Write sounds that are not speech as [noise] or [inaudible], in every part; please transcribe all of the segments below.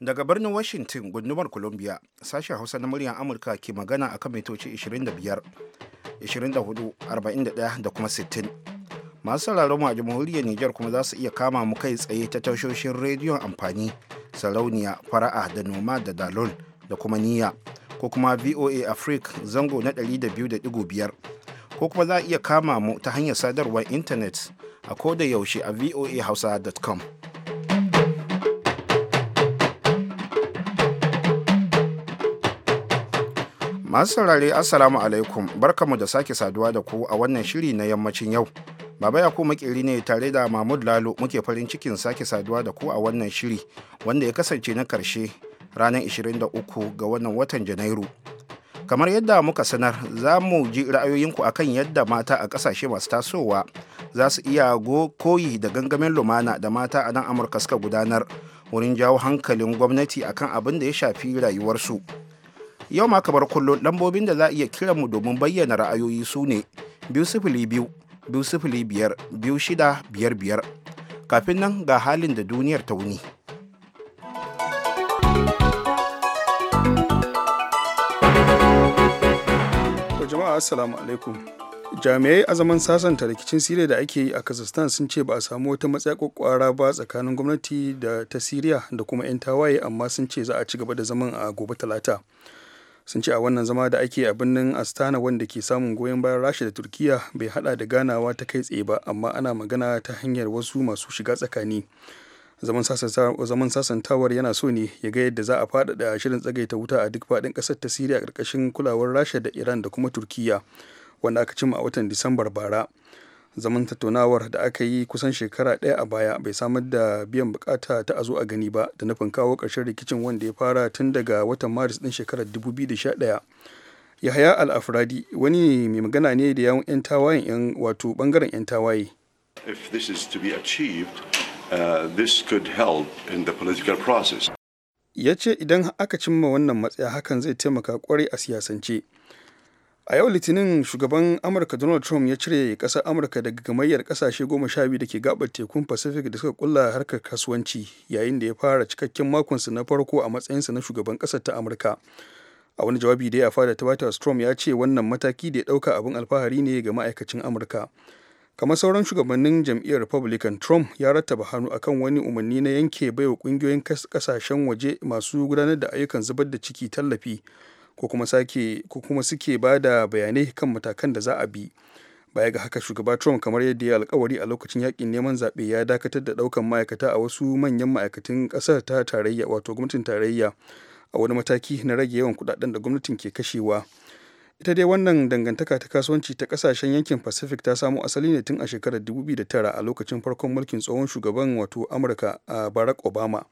daga birnin washington gundumar columbia sashen hausa na muryar amurka ke magana a kan mitoci 25 24 41 da kuma 60 masu sauraron mu a jamhuriyar nijar kuma za su iya kama mu kai tsaye ta tashoshin rediyon amfani sarauniya fara'a da noma da dalol da kuma niyya ko kuma voa africa zango na 200.5 ko kuma za a iya kama mu ta hanyar sadarwar intanet a koda yaushe a voahausa.com. Masu saurare Assalamu alaikum barkamu da sake saduwa da ku a wannan shiri na yammacin yau. Baba Yakubu makeri ne tare da Mahmud Lalo muke farin cikin sake saduwa da ku a wannan shiri wanda ya kasance na karshe ranar 23 ga wannan watan Janairu. kamar yadda muka sanar za mu ji ra'ayoyinku akan yadda mata a ƙasashe masu tasowa za su iya koyi da gangamin lumana da mata a nan amurka suka gudanar wurin jawo hankalin gwamnati akan abin da ya shafi rayuwarsu yau ma kamar kullum lambobin da za a iya kiran mu domin bayyana ra'ayoyi su ne biyu sifili biyu biyu sifili biyar biyu shida biyar biyar kafin nan ga halin da duniyar ta wuni. jama'a assalamu alaikum. Jami'ai a zaman sasanta rikicin Siriya da ake yi a Kazakhstan sun ce ba a samu wata matsaya kwakwara ba tsakanin gwamnati da ta Siriya da kuma 'yan tawaye amma sun ce za a ci gaba da zaman a gobe talata. Sun ce a wannan zama da ake a birnin Astana wanda ke samun goyon bayan Rasha da Turkiya bai hada da ganawa ta kai tsaye ba amma ana magana ta hanyar wasu masu shiga tsakani. zaman sasantawar yana so ne ya ga yadda za a faɗaɗa shirin tsagaita wuta a duk faɗin ƙasar ta siriya ƙarƙashin kulawar rasha da iran da kuma turkiya wanda aka cima a watan disambar bara zaman tattaunawar da aka yi kusan shekara ɗaya a baya bai samar da biyan bukata ta a zo a gani ba da nufin kawo ƙarshen rikicin wanda ya fara tun daga watan maris ɗin shekarar 2011 yahaya al-afradi wani mai magana ne da yawon 'yan tawayen wato bangaren 'yan tawaye if this is to be achieved Uh, this could help in the political process. Ya ce idan aka cimma wannan matsaya hakan zai taimaka kwarai a siyasance. A yau Litinin shugaban Amurka Donald Trump ya cire ƙasar Amurka daga gamayyar ƙasashe goma sha biyu da ke gabar tekun Pacific da suka kulla harkar kasuwanci yayin da ya fara cikakken makonsa na farko a matsayinsa na shugaban ƙasar ta Amurka. A wani jawabi da ya fada ta White Trump ya ce wannan mataki da ya ɗauka abin alfahari ne ga ma'aikacin Amurka. kamar sauran shugabannin jam'iyyar republican trump ya rattaba hannu a kan wani umarni na yanke baiwa kungiyoyin kasashen waje masu gudanar da ayyukan zubar da ciki tallafi ko kuma sake ko kuma suke ba da bayanai kan matakan da za a bi baya ga haka shugaba trump kamar yadda ya alkawari a lokacin yakin neman zaɓe ya dakatar da ɗaukan ma'aikata a wasu manyan ma'aikatan ƙasar ta tarayya wato gwamnatin tarayya a wani mataki na rage yawan kuɗaɗen da gwamnatin ke kashewa ita dai wannan dangantaka ta kasuwanci ta kasashen yankin pacific ta samo asali ne tun a shekarar 2009 a lokacin farkon mulkin tsohon shugaban wato amurka a barack obama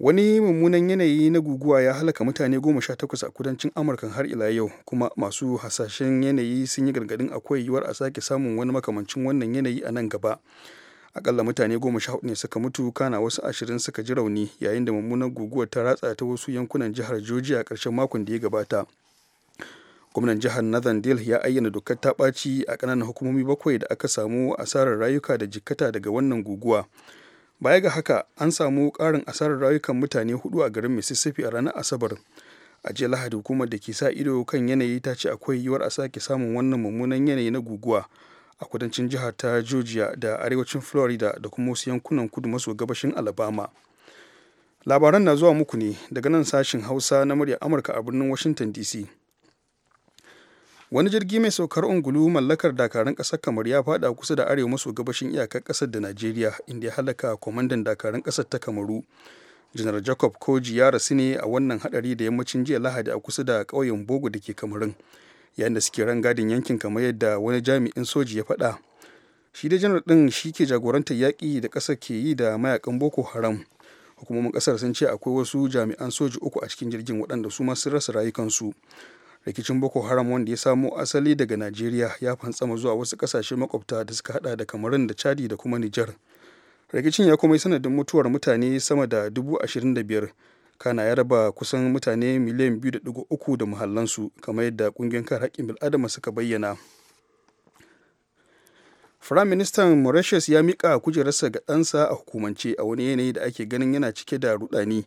wani mummunan yanayi na guguwa ya halaka mutane goma sha takwas a kudancin amurka har ila yau kuma masu hasashen yanayi sun yi gargadin akwai yiwuwar a sake samun wani makamancin wannan yanayi a nan gaba akalla mutane goma sha hudu ne suka mutu kana wasu ashirin suka ji rauni yayin da mummunan guguwar ta ratsa ta wasu yankunan jihar georgia a karshen makon da ya gabata gwamnan jihar northern dale ya ayyana dokar ta ɓaci a ƙananan hukumomi bakwai da aka samu asarar rayuka da jikkata daga wannan guguwa baya ga haka an samu ƙarin asarar rayukan mutane hudu a garin mississippi a ranar asabar a jiya lahadi hukumar da ke sa ido kan yanayi ta ce akwai yiwuwar a sake samun wannan mummunan yanayi na guguwa a kudancin jihar ta georgia da arewacin florida da kuma wasu yankunan kudu maso gabashin alabama labaran na zuwa muku ne daga nan sashin hausa na murya amurka a birnin washington dc wani jirgi mai saukar ungulu mallakar dakarun ƙasar kamar ya fada kusa da arewa maso gabashin iyakar ƙasar da najeriya inda ya halaka kwamandan dakarun ƙasar ta kamaru janar jacob koji ya rasu ne a wannan hadari da yammacin jiya lahadi a kusa da ƙauyen bogo da ke kamarun yayin da suke rangadin yankin kamar yadda wani jami'in soji ya faɗa shi da janar din shi ke jagorantar yaƙi da ƙasar ke yi da mayakan boko haram hukumomin ƙasar sun ce akwai wasu jami'an soji uku a cikin jirgin waɗanda su ma sun rasa rayukansu rikicin boko haram wanda ya samo asali daga najeriya ya fantsama zuwa wasu kasashe makwabta da suka hada da kamarun da chadi da kuma nijar rikicin ya kuma yi sanadin mutuwar mutane sama da dubu ashirin da biyar kana ya raba kusan mutane miliyan biyu da dugu uku da muhallansu kamar yadda kungiyar kare haƙƙin bil'adama suka bayyana Firayim Ministan Mauritius ya miƙa kujerarsa ga ɗansa a hukumance a wani yanayi da ake ganin yana cike da rudani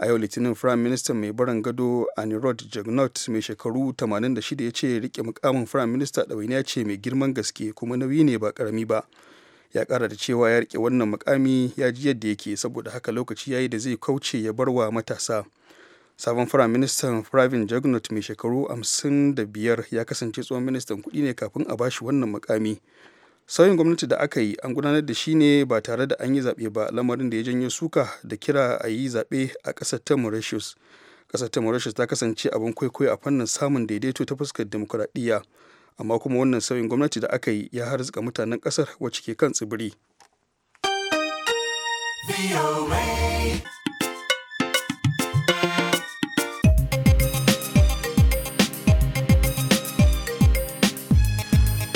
a yau litinin firayim ministan mai barin gado anirod jagnot mai shekaru 86 ya ce rike mukamin firayim minista ɗawainiya ce mai girman gaske kuma nauyi ne ba karami ba ya kara da cewa ya rike wannan mukami ya ji yadda yake saboda haka lokaci ya yi da zai kauce ya bar wa matasa sabon firayim ministan firayim jagnot mai shekaru 55 ya kasance tsohon ministan kuɗi ne kafin a bashi wannan mukami Sauyin gwamnati da aka yi an gudanar da shi ne ba tare da an yi zaɓe ba lamarin da ya janyo suka da kira a yi zaɓe a ƙasar ta Mauritius. Ƙasar ta Mauritius ta kasance abin kwaikwayo a fannin samun daidaito ta fuskar demokuraɗiyya. Amma kuma wannan sauyin gwamnati da aka yi ya harzuka mutanen ƙasar wacce ke kan tsibiri.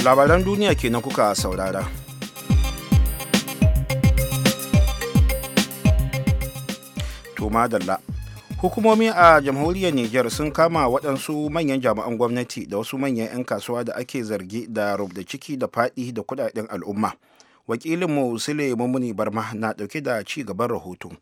labaran duniya kenan kuka saurara to madalla hukumomi a jamhuriyar niger sun kama waɗansu manyan jami'an gwamnati da wasu manyan 'yan kasuwa da ake zargi da rubda ciki da faɗi da kudaden al'umma wakilinmu sule mummuni barma na ɗauke da ci gaban rahoton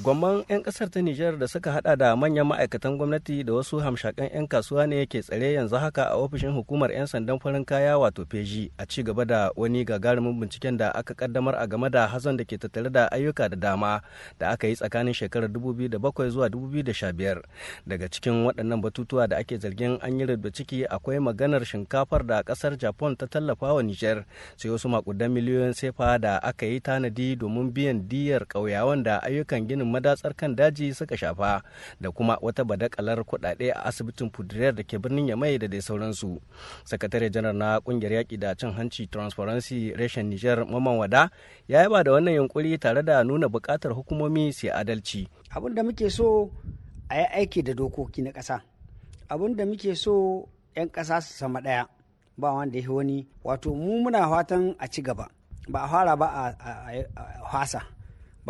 Gwamman 'yan kasar ta Nijar da suka hada da manyan ma'aikatan gwamnati da wasu hamshakan 'yan kasuwa ne ke tsare yanzu haka a ofishin hukumar 'yan sandan farin kaya wato feji a ci gaba da wani gagarumin binciken da aka kaddamar a game da hazon da ke tattare da ayyuka da dama da aka yi tsakanin shekarar 2007 zuwa 2015. Daga cikin waɗannan batutuwa da ake zargin an yi rubda ciki akwai maganar shinkafar da kasar Japan ta tallafa wa Nijar sai wasu makudan miliyoyin sefa da aka yi tanadi domin biyan diyar ƙauyawan da ayyukan ginin madatsar kan daji suka shafa da kuma wata badakalar kuɗaɗe a asibitin fudiriyar da ke birnin yamai da dai sauransu sakatare janar na kungiyar yaki da cin hanci transparency reshen niger maman wada ya yaba da wannan yunkuri tare da nuna buƙatar hukumomi su adalci abin da muke so a yi aiki da dokoki na ƙasa abin da muke so 'yan ƙasa su sama ɗaya ba wanda ya wani wato mu muna fatan a ci gaba ba a fara ba a hasa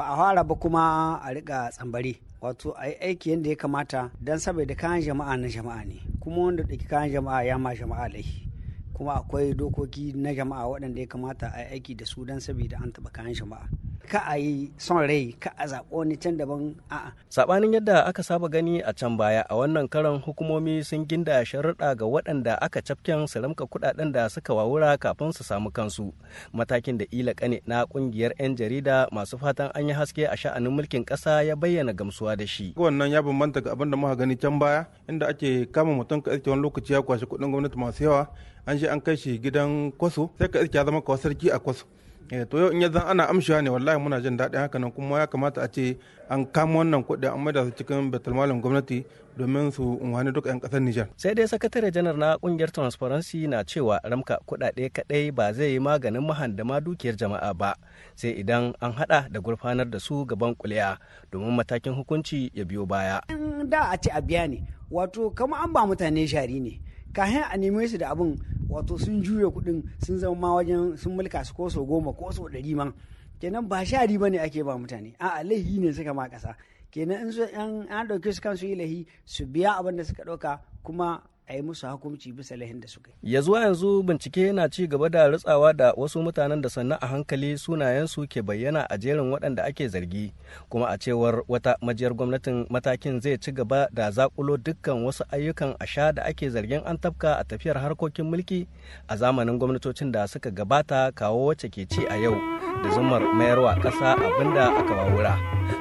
ba a fara ba kuma a riƙa tsambari wato a yi aiki yadda ya kamata don saboda kayan jama'a na jama'a ne kuma wanda ɗauki kayan jama'a ya ma jama'a laifi kuma akwai dokoki na jama'a waɗanda ya kamata a yi aiki da su don saboda an taɓa kayan jama'a ka a yi son rai ka a zaɓo wani can daban a'a. Saɓanin yadda aka saba gani a can baya a wannan karan hukumomi sun ginda sharuɗa ga waɗanda aka cafken su kuɗaɗen da suka wawura kafin su samu kansu. Matakin da ila kane na ƙungiyar 'yan jarida masu fatan an yi haske a sha'anin mulkin ƙasa ya bayyana gamsuwa da shi. Wannan ya bambanta ga abin da muka gani can baya inda ake kama mutum ka wani lokaci ya kwashi kuɗin gwamnati masu yawa an je an kai shi gidan kwaso sai ka ya zama sarki a kwaso. Eh, to yau in ya zan ana amshewa ne wallahi muna jin daɗin haka nan kuma ya kamata a ce an kama wannan kuɗi an maida su cikin betulmalin gwamnati domin su unwani duka 'yan ƙasar Nijar. Sai dai sakatare janar na ƙungiyar Transparency na cewa ramka kuɗaɗe kaɗai ba zai yi maganin mahandama dukiyar jama'a ba sai idan an haɗa da gurfanar da su gaban kuliya domin matakin hukunci ya biyo baya. Da a ce a biya ne wato kama an ba mutane shari ne kahin a neme su da abin wato sun juya kuɗin sun zama ma wajen sun mulka su ko sau goma ko sau ɗari ma kenan ba shari ba ne ake ba mutane a'a alaihi ne suka ma ƙasa kenan in an ɗauke su kansu yi lahi su biya abin da suka ɗauka kuma a yi musu hukunci bisa lahin da suka yi. zuwa yanzu bincike yana ci gaba da rutsawa da wasu mutanen da sannan a hankali sunayensu ke bayyana a jerin waɗanda ake zargi kuma a cewar wata majiyar gwamnatin matakin zai ci gaba da zakulo dukkan wasu ayyukan asha da ake zargin an tafka a tafiyar harkokin mulki a zamanin gwamnatocin da suka gabata kawo wacce ke ci a yau. da zumar mayarwa ƙasa abinda aka wawura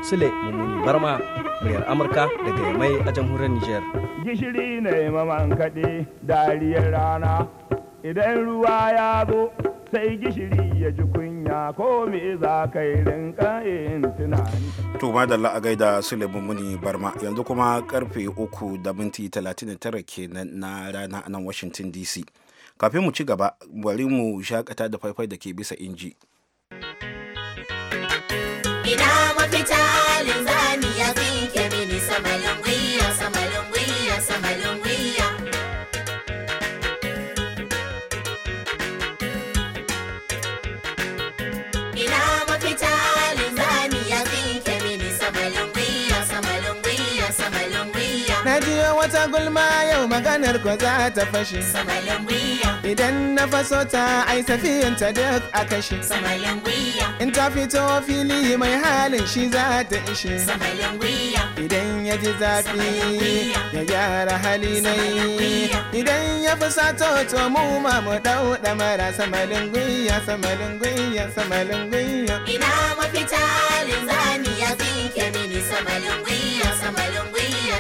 sule mummuni barma muryar amurka daga mai a jamhuriyar nijar. gishiri yi maman kaɗe dariyar rana idan ruwa ya zo sai gishiri ya ji kunya ko me za ka yi rinka yin tunani. To madalla a gaida sule Muni Barma yanzu kuma karfe uku da minti talatin tara kenan na rana nan Washington DC. Kafin mu ci gaba bari mu shakata da faifai da ke bisa inji. Capital ko za ta fashe idan na faso ta ai safiyan ta duk a kashe in ta fito fili mai halin shi za ta ishe idan ya ji zafi ya gyara hali na yi. idan ya fi sato to mu ma mu dau mara. samalin gwiya samalin gwiya samalin gwiya ina mafita linzami ya fi mini samalin gwiya samalin gwiya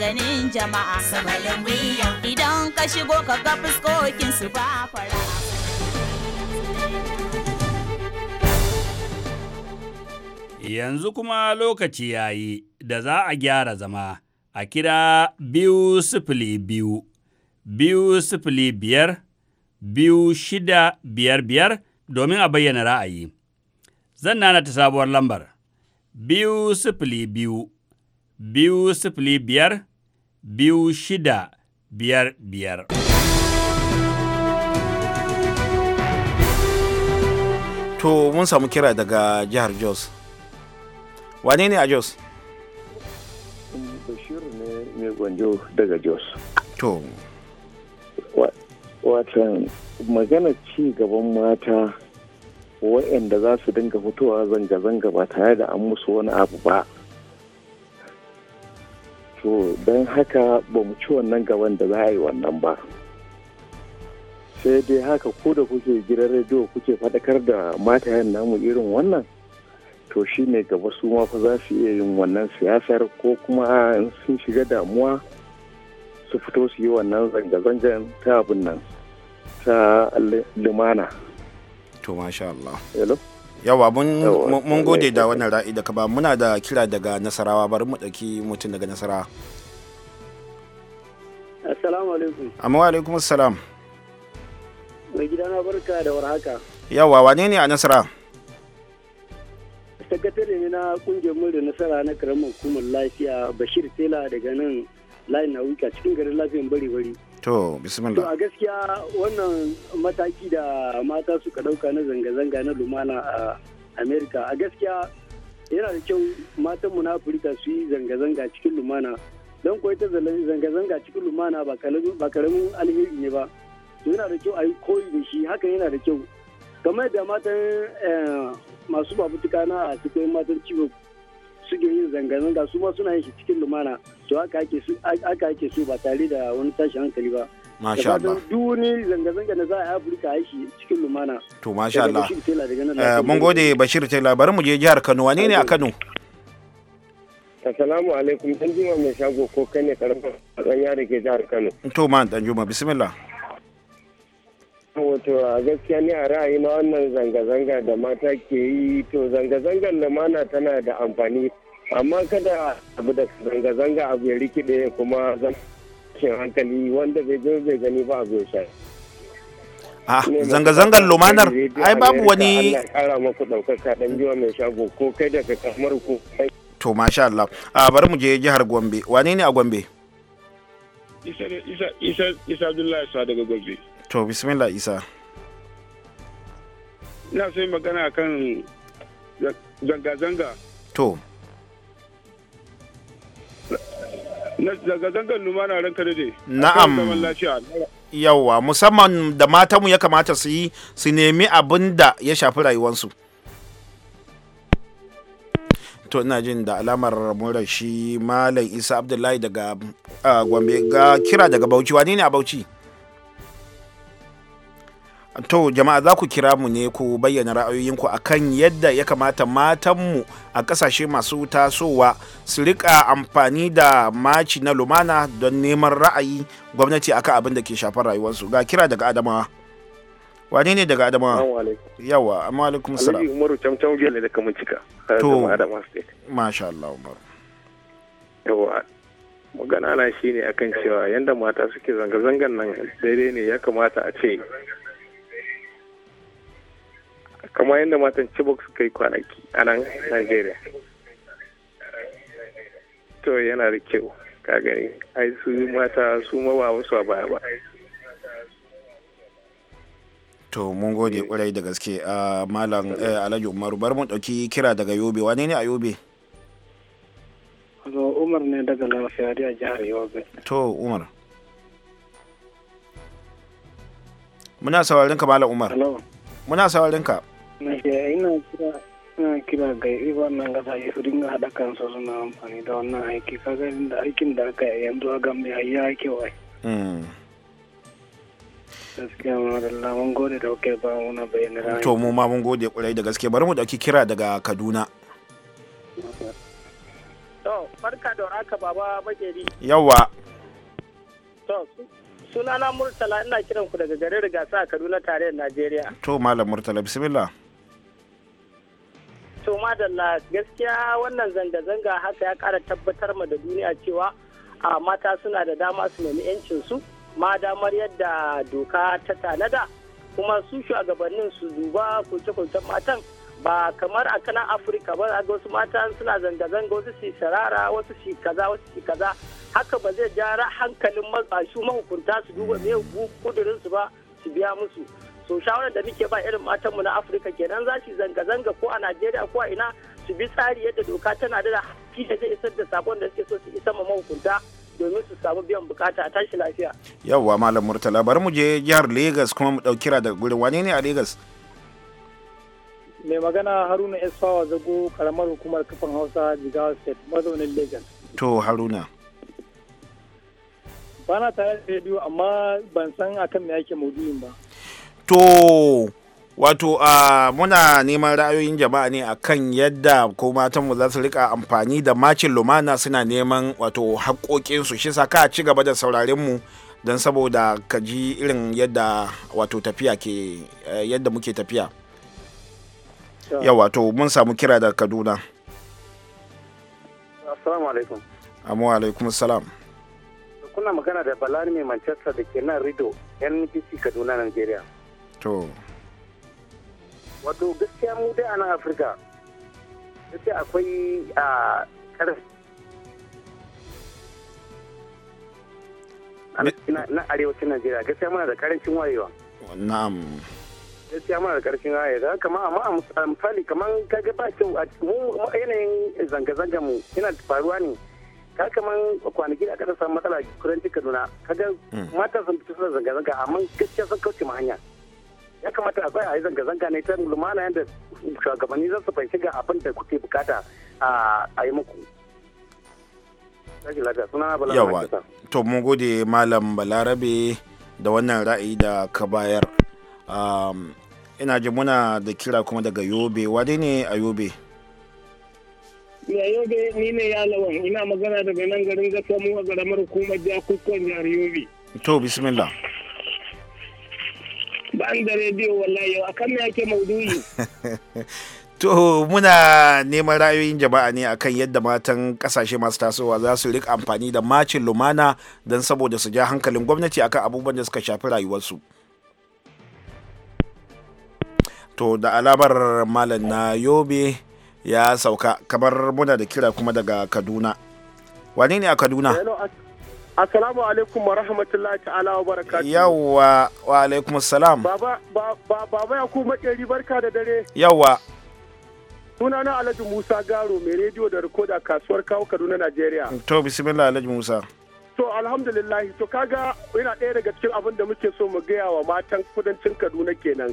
maganin jama'a idan ka shigo ka ga fuskokin su ba fara yanzu kuma lokaci ya yi da za a gyara zama a kira biyu sifili biyu biyu sifili biyar biyu shida biyar biyar domin a bayyana ra'ayi zan nana ta sabuwar lambar biyu sifili biyu biyu sifili biyar biyu shida biyar biyar. To mun samu kira daga jihar Jos. Wane ne a Jos? Bashir ne mai gwanjo daga Jos. To. Watan magana ci gaban mata waɗanda za su dinga fitowa zanga-zanga ba tare da an musu wani abu ba. to don haka ba mu ci wannan gaban da za a yi wannan ba sai dai haka ko da kuke gidan rediyo kuke faɗakar da matayen namu irin wannan to shi ne gaba su ma za su iya yin wannan siyasar ko kuma sun shiga damuwa su fito su yi wannan zanga-zangan ta abin nan ta lumana. To masha Allah. yawa mun gode da wannan ra'ayi da ka ba muna da kira daga nasarawa bari mu ɗauki mutum daga nasarawa assalamu alaikum amma wa alaikum assalam mai na barka da warhaka yawa wane ne a nasara sakatare ne na kungiyar murda nasara na karamar hukumar lafiya bashir tela daga nan layin na wuka cikin garin lafiyan bari bari To, bismillah. To a gaskiya wannan mataki da mata suka dauka na zanga-zanga na lumana a Amerika a gaskiya yana da kyau matan mu na Afirka su yi zanga-zanga cikin lumana. Don kuwa ita zanga-zanga cikin lumana ba karamin alheri ne ba. To yana da kyau a yi koyi da shi hakan yana da kyau. Kamar da matan eh, masu babutuka na a cikin matan ciwo suke yin zanga-zanga su ma suna yin shi cikin lumana. to aka ake so ba tare da wani tashi hankali ba Masha Allah. Duk wani zanga-zanga da za a Afirka a shi cikin lumana. To Masha Allah. Eh, mun gode Bashir Tela bari mu je jihar Kano wane ne a Kano? Assalamu alaikum dan juma mai shago ko kai ne karamar tsanya da ke jihar Kano. To ma dan juma bismillah. Wato a gaskiya ne a ra'ayi na wannan zanga-zanga da mata ke yi to zanga-zangar lumana tana da amfani amma kada abu da zanga-zanga abu ya rikide kuma zan hankali wanda bai zo bai gani ba abu ya sha a ah, zanga-zangar lumanar ai babu wani to masha Allah a ah, bari mu je jihar Gombe wane ne a Gombe Isa Isa Isa Abdullahi Isa daga Gombe to bismillah Isa ina so magana kan zanga-zanga to daga numa na ranka da na'am yawwa musamman da matanmu ya kamata su yi su nemi abin da ya shafi rayuwarsu to ina jin da alamar murar shi malam isa abdullahi daga ah, gombe ga kira daga bauchi wani ne a bauchi to jama'a za ku kira mu ne ku bayyana ra'ayoyinku akan yadda ya kamata matanmu a kasashe masu tasowa su rika amfani da maci na lumana don neman ra'ayi gwamnati akan abin da ke shafar rayuwarsu ga kira daga adamawa wane ne daga adamawa yawa amma alaikum salam umaru camcam gele da kamun cika to masha Allah umaru yawa magana na shine akan cewa yanda mata suke zanga-zangan nan daidai ne ya kamata a ce kamar yadda matan Chibok suka yi kwanaki a nan Najeriya. To yana da kyau, ka gani, ai su mata su mawa ba musu a baya ba. To mun gode kwarai da gaske a ah, Malam eh, Alhaji Umaru bar mu ɗauki kira daga Yobe, wane ne a Yobe? Hello, Umar ne daga Lafiyari a jihar Yobe. To Umar. Muna sauraron ka Malam Umar. Muna sauraron ka. nake ina kira ina kira ga wannan kasashe su dinga haɗa kansu suna amfani da wannan aiki kaga da aikin da aka yi yanzu a gambe ai ya kewaye hmm. gaskiya madalla mun gode da kuke ba muna bayyana to mu ma mun gode kurai da gaske bari mu dauki kira daga kaduna to barka da haka baba bakeri yawa to sunana murtala ina kiran ku daga garin rigasa a kaduna tarayyar najeriya to malam murtala bismillah to madalla gaskiya wannan zanga-zanga haka ya kara tabbatar ma da duniya cewa a mata suna da dama su nemi 'yancinsu ma damar yadda doka ta tanada kuma su shugabannin su duba kulce-kulcen matan ba kamar a kanan afirka ba a wasu mata suna zanga-zanga wasu su sarara wasu su kaza wasu su kaza haka ba zai jara hankalin masu mahukunta su duba me mm. kudurin ba su biya musu so shawarar da muke ba irin matanmu na afirka kenan za su zanga-zanga ko a najeriya ko a ina su bi tsari yadda doka tana da haƙƙi da zai isar da sabon da suke so su isa ma mahukunta domin su samu biyan bukata a tashi lafiya yawwa malam murtala bari mu je jihar lagos kuma mu ɗauki daga gurin wane ne a lagos mai magana haruna esfawa zago karamar hukumar kafan hausa jigawa state mazaunin lagos to haruna bana tare da rediyo amma ban san akan me yake maudu'in ba to wato uh, muna neman ra'ayoyin jama'a ne akan yadda ko matanmu za su rika amfani da macin lumana suna neman wato haƙoƙinsu shi sa ka ci gaba da sauraren mu don saboda ka ji irin yadda wato tafiya ke eh, yadda muke tafiya yau wato mun samu kira da kaduna assalamu alaikum amu alaikum salam kuna magana da balani mai manchester da ke nan rido nbc kaduna nigeria to wato gaskiya mu dai a nan afirka gaskiya akwai a karfi na arewacin najeriya gaskiya muna da karancin wayewa na'am gaskiya muna da karancin wayewa kama amma a misali kamar kaga ba kyau a yanayin zanga-zanga mu yana faruwa ne ka kaman kwanaki da aka samu matsala kudanci kaduna kaga mm. mata sun fito suna zanga-zanga amma gaskiya sun kauce ma hanya ya kamata akwai a yi zanga-zanga ne ta lumana yadda shugabanni za su fahimci ga abin da kuke bukata a yi muku yawa to mun gode malam balarabe da wannan ra'ayi da ka bayar ina ji muna da kira kuma daga yobe wani ne a yobe ya yobe ni ne ya lawan ina magana daga nan garin gasa mu a garamar hukumar jakukon jihar yobe to bismillah an da rediyo wallahi yau akan me yake maudu'i [laughs] To muna neman ra'ayoyin jama'a ne akan yadda matan kasashe masu tasowa za su rika amfani da macin lumana don saboda su ja hankalin gwamnati akan abubuwan da suka shafi rayuwarsu. To da alamar malam na yobe ya sauka kamar muna da kira kuma daga Kaduna. Wane ne a Kaduna? Assalamu alaikum wa rahmatullahi ta'ala wa barakatuhu. Yawwa wa alaikum salam. Baba baba ya ku makeri barka da dare. Yawwa. Sunana Alhaji Musa Garo mai rediyo da rikoda kasuwar kawo Kaduna Najeriya. To bismillah Alhaji Musa. To alhamdulillah to kaga yana ɗaya daga cikin abin da muke so mu gaya wa matan kudancin Kaduna kenan.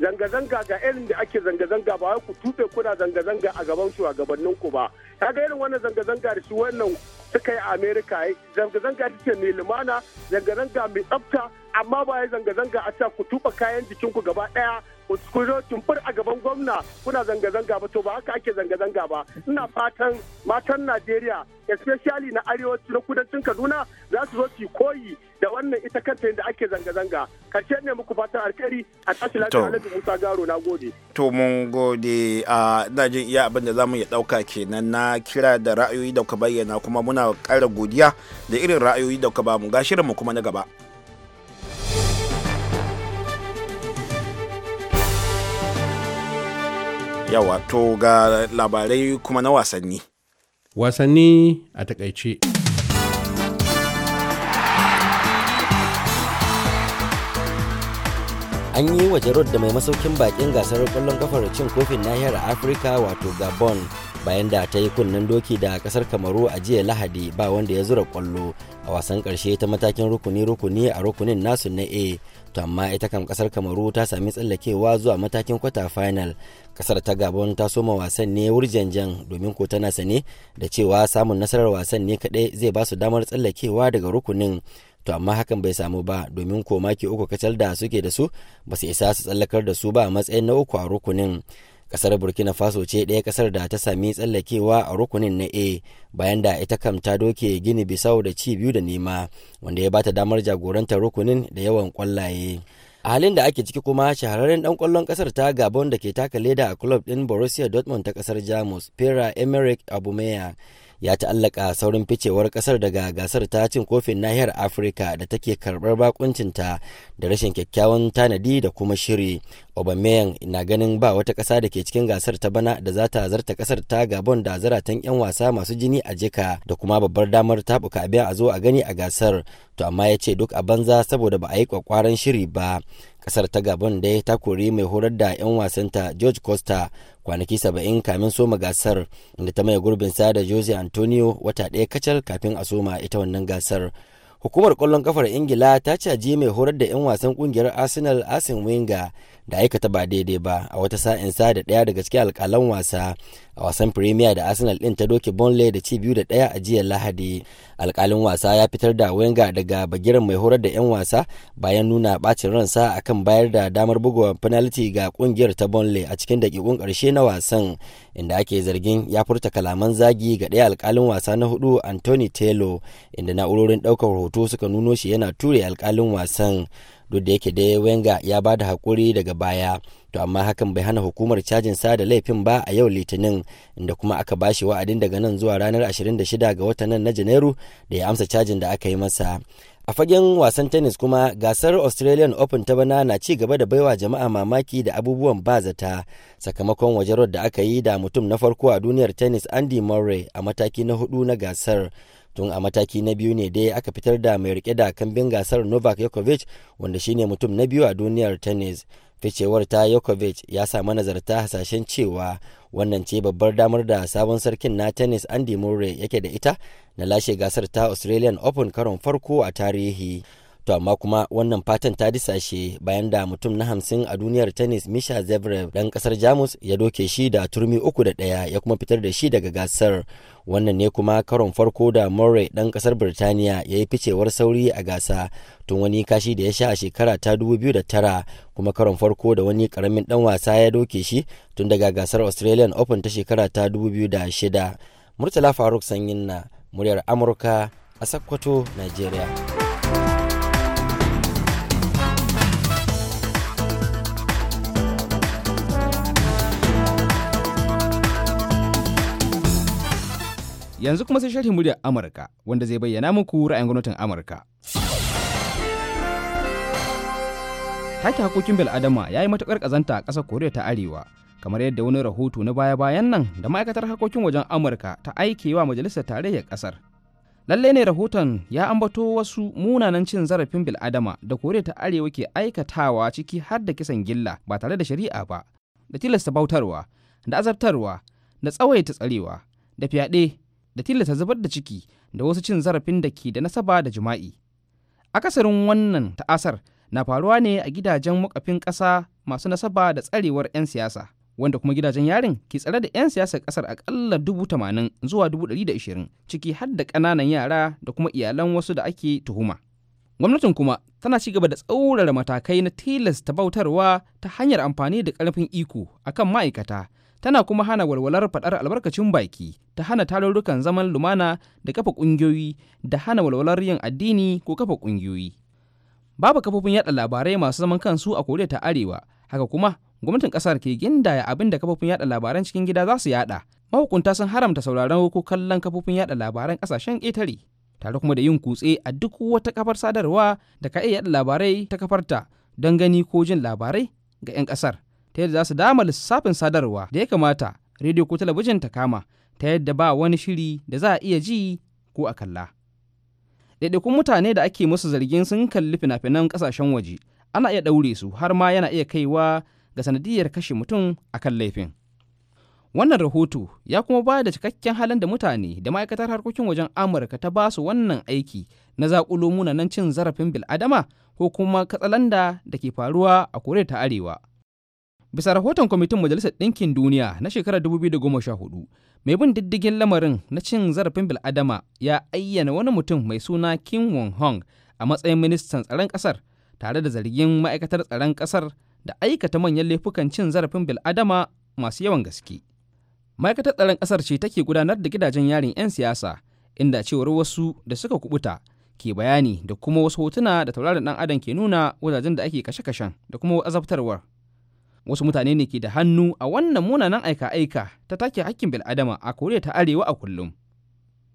zanga-zanga ga irin da ake zanga-zanga ba ku tube kuna zanga-zanga a gaban shugabannin ku ba kaga irin wannan zanga-zanga da shi wannan suka yi a america zanga-zanga ta ce mai lumana zanga-zanga mai tsafta amma ba ya zanga-zanga a ta ku tuba kayan jikinku gaba ɗaya ku zo tumfur a gaban gwamna kuna zanga-zanga ba to ba haka ake zanga-zanga ba ina fatan matan najeriya especially na arewaci na kudancin kaduna za su zo su koyi da wannan ita kanta yadda ake zanga-zanga karshe ne muku fatan alkhairi a tashi lafiya alhaji musa garo na gode to mun gode a ina jin iya abin da zamu ya dauka kenan na kira da ra'ayoyi da ka bayyana kuma muna kara godiya da irin ra'ayoyi da ka ba mu ga shirin mu kuma na gaba yawa to ga labarai kuma na wasanni wasanni a takaice an yi wa jarod da mai masaukin bakin gasar kwallon kafar cin kofin nahiyar afirka wato gabon bayan da ta yi kunnen doki da kasar kamaru a jiya lahadi ba wanda ya zura kwallo a wasan karshe ta matakin rukuni-rukuni a rukunin nasu na a to amma ita kam kasar kamaru ta sami tsallakewa zuwa matakin kwata final kasar ta gabon ta soma wasan ne wurjanjan domin ko tana sane da cewa samun nasarar wasan ne kadai zai ba su damar tsallakewa daga rukunin to amma hakan bai samu ba domin ko maki uku kacal da suke da su ba su isa su tsallakar da su ba a matsayin na uku a rukunin kasar burkina faso ce ɗaya kasar da ta sami tsallakewa a rukunin na a bayan da ita kam ta doke gini bisau da ci biyu da nema wanda ya bata damar jagorantar rukunin da yawan kwallaye a halin da ake ciki kuma shahararren dan kwallon kasar ta gabon da ke taka leda a club din borussia dortmund ta kasar jamus pera emerick abumeya ya ta'allaka saurin ficewar kasar daga gasar ta cin kofin nahiyar afirka da take karbar bakuncinta da rashin kyakkyawan tanadi da kuma shiri obameyan na ganin ba wata kasa da ke cikin gasar ta bana da za ta zarta kasar ta gabon da zaratan 'yan wasa masu jini a jika da kuma babbar damar tabuka abin a zo a gani a gasar to amma ya ce duk a banza saboda ba a yi kwakwaran shiri ba kasar ta gabon dai ta kori mai horar da 'yan wasanta george costa kwanaki 70 kamin soma gasar inda ta mai gurbinsa da jose antonio wata ɗaya kacal kafin a soma ita wannan gasar hukumar kwallon kafar ingila ta caji mai horar da 'yan wasan kungiyar arsenal arsene wenger da aikata ba daidai ba a wata sa'in sa da ɗaya daga cikin alƙalan wasa a wasan premier da arsenal ɗin ta doke bonley da ci biyu da ɗaya a jiya lahadi alƙalin wasa ya fitar da wenga daga bagiran mai horar da 'yan wasa bayan nuna ɓacin ransa akan bayar da damar bugawa penalty ga ƙungiyar ta burnley a cikin daƙiƙun ƙarshe na wasan inda ake zargin ya furta kalaman zagi ga ɗaya alƙalin wasa na hudu anthony taylor inda na'urorin ɗaukar hoto suka nuno shi yana ture alƙalin wasan duk da yake dai wenga ya ba da haƙuri daga baya to amma hakan bai hana hukumar cajin sa da laifin ba a yau litinin inda kuma aka ba shi wa'adin daga nan zuwa ranar 26 ga watan na janairu da ya amsa cajin da aka yi masa a fagen wasan tennis kuma gasar australian open ta bana na ci gaba da baiwa jama'a mamaki da abubuwan ba zata sakamakon wajerar da aka yi da mutum na farko a duniyar tennis andy murray a mataki na hudu na gasar tun a mataki na biyu ne dai aka fitar da mai rike da kambin gasar novak yakovic wanda shine mutum na biyu a duniyar tennis ficewar ta yakovic ya sa manazarta hasashen cewa wannan ce babbar damar da sabon sarkin na tennis andy murray yake da ita na lashe gasar ta australian open karon farko a tarihi to amma kuma wannan fatan ta disashe bayan da mutum na hamsin a duniyar tennis misha zevrev dan kasar jamus ya doke shi da turmi uku da daya ya kuma fitar da shi daga gasar wannan ne kuma karon farko da murray dan kasar birtaniya ya yi ficewar sauri a gasa tun wani kashi da ya sha a shekara ta 2009 kuma karon farko da wani karamin dan wasa ya doke shi tun daga gasar australian open ta shekara ta 2006 murtala faruk sanyin na muryar amurka a sakkwato nigeria Yanzu kuma sai sharhin muryar Amurka wanda zai bayyana muku ra'ayin gwamnatin Amurka. Take hakokin bil'adama ya yi matuƙar ƙazanta a ƙasar Koriya ta Arewa kamar yadda wani rahoto na baya-bayan nan da ma'aikatar harkokin wajen Amurka ta aikewa majalisar tarayyar ƙasar. Lalle ne rahoton ya ambato wasu munanan cin zarafin bil'adama da Koriya ta Arewa ke aikatawa ciki har da kisan gilla ba tare da shari'a ba, da tilasta bautarwa, da azabtarwa, da tsawaita tsarewa, da fyaɗe da tilasta zubar da ciki da wasu cin zarafin da ke da nasaba da jima'i akasarin wannan ta'asar na faruwa ne a gidajen mukafin ƙasa masu nasaba da tsarewar 'yan siyasa wanda kuma gidajen yarin ke tsare da 'yan siyasar ƙasar aƙalla dubu tamanin zuwa dubu ɗari da ashirin ciki har da ƙananan yara da kuma iyalan wasu da ake tuhuma gwamnatin kuma tana ci gaba da tsaurara matakai na tilasta bautarwa ta hanyar amfani da ƙarfin iko akan ma'aikata tana kuma hana walwalar faɗar albarkacin baki ta hana talurukan zaman lumana da kafa ƙungiyoyi da hana walwalar yin addini ko kafa ƙungiyoyi babu kafofin yaɗa labarai masu zaman kansu a koriya ta arewa haka kuma gwamnatin ƙasar ke gindaya abin da kafofin yada labaran cikin gida za su yada mahukunta sun haramta sauraron ko kallon kafofin yada labaran ƙasashen ƙetare tare kuma da yin kutse a duk wata kafar sadarwa da ka iya yada labarai ta kafarta don gani ko jin labarai ga 'yan ƙasar ta yadda za su dama lissafin sadarwa da ya kamata rediyo ko talabijin ta kama ta yadda ba wani shiri da za a iya ji ko a kalla. Ɗaiɗaikun mutane da ake musu zargin sun kalli fina-finan ƙasashen waje ana iya ɗaure su har ma yana iya kaiwa ga sanadiyar kashe mutum a kan laifin. Wannan rahoto ya kuma ba da cikakken halin da mutane da ma'aikatar harkokin wajen Amurka ta ba su wannan aiki na zaƙulo munanan cin zarafin bil'adama ko kuma katsalanda da ke faruwa a Koriya ta Arewa. bisa rahoton kwamitin majalisar ɗinkin duniya na shekarar 2014 mai bin diddigin lamarin na cin zarafin bil'adama ya ayyana wani mutum mai suna kim won hong a matsayin ministan tsaron ƙasar tare da zargin ma'aikatar tsaron ƙasar da aikata manyan laifukan cin zarafin bil'adama masu yawan gaske ma'aikatar tsaron ƙasar ce take gudanar da gidajen yarin 'yan siyasa inda cewar wasu da suka kubuta ke bayani da kuma wasu hotuna da tauraron ɗan adam ke nuna wajajen da ake kashe-kashen da kuma azabtarwar wasu mutane ne ke da hannu a wannan munanan aika-aika ta take hakkin bil'adama a koriya ta arewa a kullum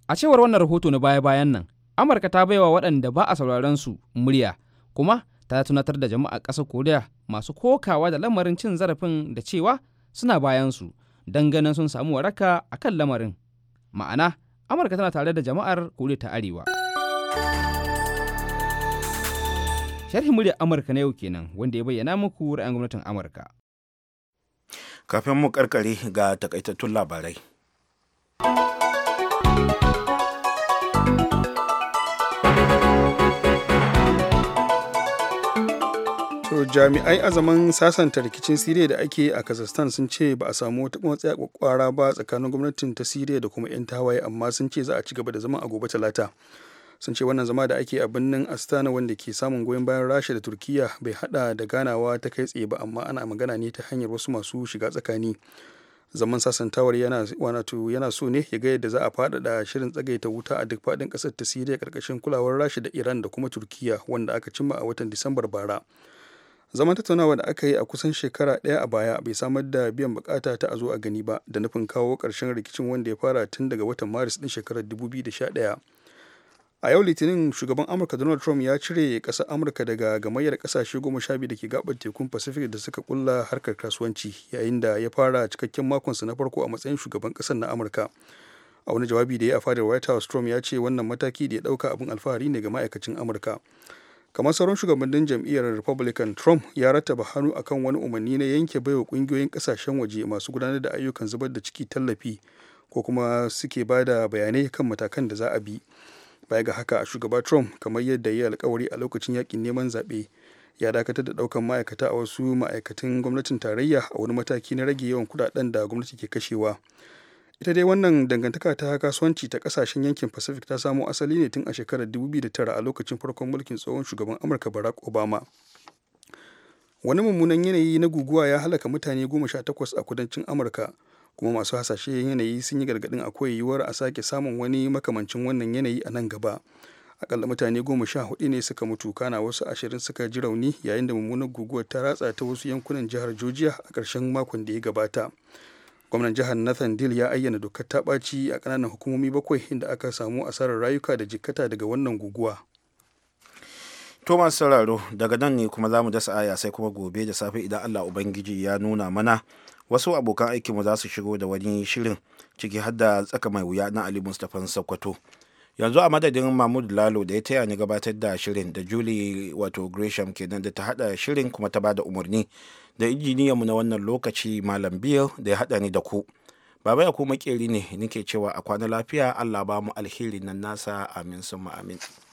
a cewar wannan rahoto na baya-bayan nan amurka ta baiwa waɗanda ba a sauraron su murya kuma ta tunatar da jama'a ƙasar koriya masu kokawa da lamarin cin zarafin da cewa suna bayan su don ganin sun samu waraka a kan lamarin ma'ana amurka tana tare da jama'ar koriya ta arewa Sharhin muryar Amurka na yau kenan wanda ya bayyana muku ra'ayin gwamnatin Amurka. Kafin mu karkare ga takaitattun labarai. To jami'ai azaman zaman sasanta rikicin Siriya da ake a Kazakhstan sun ce ba a samu wata matsaya kwakwara ba tsakanin gwamnatin ta Siriya da kuma 'yan tawaye amma sun ce za a ci gaba da zama a gobe talata. sun ce wannan zama da ake a birnin astana wanda ke samun goyon bayan rasha da turkiya bai hada da ganawa ta kai tsaye ba amma ana magana ne ta hanyar wasu masu shiga tsakani zaman sasantawar yana yana so ne ya ga yadda za a faɗaɗa shirin tsagaita wuta a duk faɗin ƙasar ta siriya ƙarƙashin kulawar rasha da iran da kuma turkiya wanda aka cimma a watan disambar bara zaman tattaunawa da aka yi a kusan shekara ɗaya a baya bai samar da biyan bukata ta a zo a gani ba da nufin kawo ƙarshen rikicin wanda ya fara tun daga watan maris ɗin shekarar 2011 a yau litinin shugaban amurka donald trump ya cire ƙasar amurka daga gamayyar ƙasashe goma sha biyu da ke gabar tekun pacific da suka kulla harkar kasuwanci yayin da ya fara cikakken makonsa na farko a matsayin shugaban ƙasar na amurka a wani jawabi da ya a fadar white house trump ya ce wannan mataki da ya ɗauka abin alfahari ne ga ma'aikacin amurka kamar sauran shugabannin jam'iyyar republican trump ya rattaba hannu akan wani umarni na yanke baiwa kungiyoyin ƙasashen waje masu gudanar da ayyukan zubar da ciki tallafi ko kuma suke ba da bayanai kan matakan da za a bi baya ga haka shugaba trump kamar yadda ya yi alkawari a lokacin yakin neman zaɓe ya dakatar da ɗaukan ma'aikata a wasu ma'aikatan gwamnatin tarayya a wani mataki na rage yawan kudaden da gwamnati ke kashewa ita dai wannan dangantaka ta kasuwanci ta kasashen yankin pacific ta samo asali ne tun a shekarar 2009 a lokacin farkon mulkin tsohon shugaban amurka barack obama wani mummunan yanayi na guguwa ya halaka mutane 18 a kudancin amurka kuma masu hasashen yanayi sun yi gargadin akwai yiwuwar a sake samun wani makamancin wannan yanayi a nan gaba akalla mutane goma sha hudu ne suka mutu kana wasu ashirin suka ji rauni yayin da mummunar guguwar ta ratsa ta wasu yankunan jihar georgia a ƙarshen makon da ya gabata gwamnan jihar nathan deal ya ayyana dokar ta ɓaci a ƙananan hukumomi bakwai inda aka samu asarar rayuka da jikkata daga wannan guguwa Thomas Sauraro daga nan ne kuma za mu dasa aya sai kuma gobe da safe idan Allah Ubangiji ya nuna mana wasu abokan aikinmu za su shigo da wani shirin ciki har da tsaka mai wuya na ali mustapha sokoto yanzu a madadin mahmud lalo da ya taya ni gabatar da shirin da julie wato gresham kenan da ta hada shirin kuma ta bada umarni da injiniyanmu na wannan lokaci malam biyu da ya hada ni da ku baba ya kuma makeri ne nake cewa a kwana lafiya allah ba mu alheri nan nasa amin sun amin